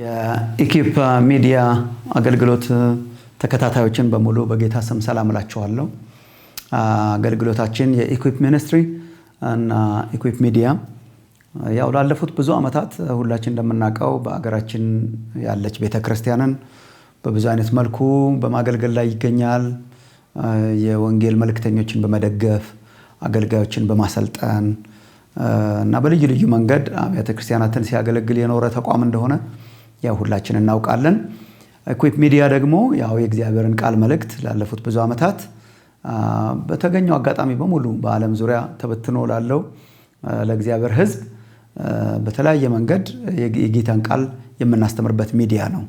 የኢኪፕ ሚዲያ አገልግሎት ተከታታዮችን በሙሉ በጌታ ስም ሰላም እላችኋለሁ። አገልግሎታችን የኢኩፕ ሚኒስትሪ እና ኢኩፕ ሚዲያ ያው ላለፉት ብዙ ዓመታት ሁላችን እንደምናውቀው በአገራችን ያለች ቤተክርስቲያንን በብዙ አይነት መልኩ በማገልገል ላይ ይገኛል። የወንጌል መልክተኞችን በመደገፍ አገልጋዮችን በማሰልጠን እና በልዩ ልዩ መንገድ አብያተ ክርስቲያናትን ሲያገለግል የኖረ ተቋም እንደሆነ ያው ሁላችን እናውቃለን። ኢኩዊፕ ሚዲያ ደግሞ ያው የእግዚአብሔርን ቃል መልእክት ላለፉት ብዙ ዓመታት በተገኘው አጋጣሚ በሙሉ በዓለም ዙሪያ ተበትኖ ላለው ለእግዚአብሔር ሕዝብ በተለያየ መንገድ የጌታን ቃል የምናስተምርበት ሚዲያ ነው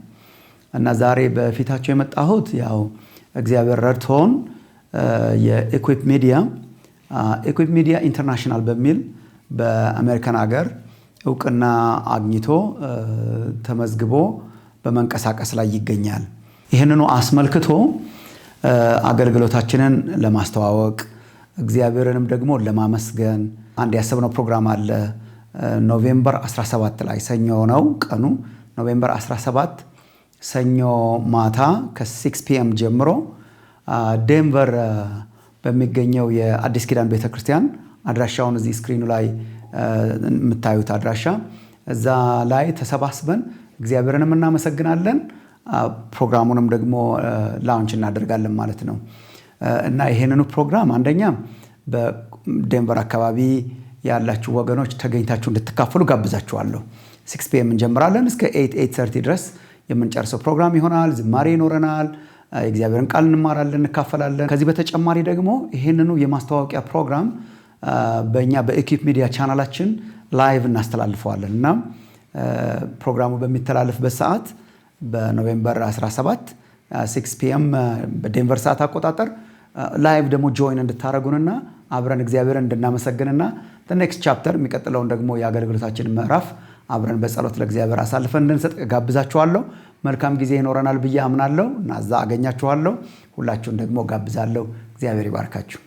እና ዛሬ በፊታቸው የመጣሁት ያው እግዚአብሔር ረድቶን የኢኩዊፕ ሚዲያ ኢኩዊፕ ሚዲያ ኢንተርናሽናል በሚል በአሜሪካን ሀገር እውቅና አግኝቶ ተመዝግቦ በመንቀሳቀስ ላይ ይገኛል። ይህንኑ አስመልክቶ አገልግሎታችንን ለማስተዋወቅ እግዚአብሔርንም ደግሞ ለማመስገን አንድ ያሰብነው ፕሮግራም አለ። ኖቬምበር 17 ላይ ሰኞ ነው ቀኑ። ኖቬምበር 17 ሰኞ ማታ ከ6 ፒኤም ጀምሮ ዴንቨር በሚገኘው የአዲስ ኪዳን ቤተክርስቲያን አድራሻውን እዚህ ስክሪኑ ላይ የምታዩት አድራሻ እዛ ላይ ተሰባስበን እግዚአብሔርንም እናመሰግናለን። ፕሮግራሙንም ደግሞ ላውንች እናደርጋለን ማለት ነው እና ይህንኑ ፕሮግራም አንደኛ በዴንቨር አካባቢ ያላችሁ ወገኖች ተገኝታችሁ እንድትካፈሉ ጋብዛችኋለሁ። ሲክስ እንጀምራለን እስከ ኤይት ኤይት ሰርቲ ድረስ የምንጨርሰው ፕሮግራም ይሆናል። ዝማሬ ይኖረናል። የእግዚአብሔርን ቃል እንማራለን፣ እንካፈላለን። ከዚህ በተጨማሪ ደግሞ ይህንኑ የማስተዋወቂያ ፕሮግራም በእኛ በኢኪፕ ሚዲያ ቻናላችን ላይቭ እናስተላልፈዋለን እና ፕሮግራሙ በሚተላለፍበት ሰዓት በኖቬምበር 17 6 ፒኤም በዴንቨር ሰዓት አቆጣጠር ላይቭ ደግሞ ጆይን እንድታደረጉንና አብረን እግዚአብሔርን እንድናመሰግንና ኔክስት ቻፕተር የሚቀጥለውን ደግሞ የአገልግሎታችን ምዕራፍ አብረን በጸሎት ለእግዚአብሔር አሳልፈን እንድንሰጥ ጋብዛችኋለሁ። መልካም ጊዜ ይኖረናል ብዬ አምናለሁ እና እዛ አገኛችኋለሁ። ሁላችሁን ደግሞ ጋብዛለሁ። እግዚአብሔር ይባርካችሁ።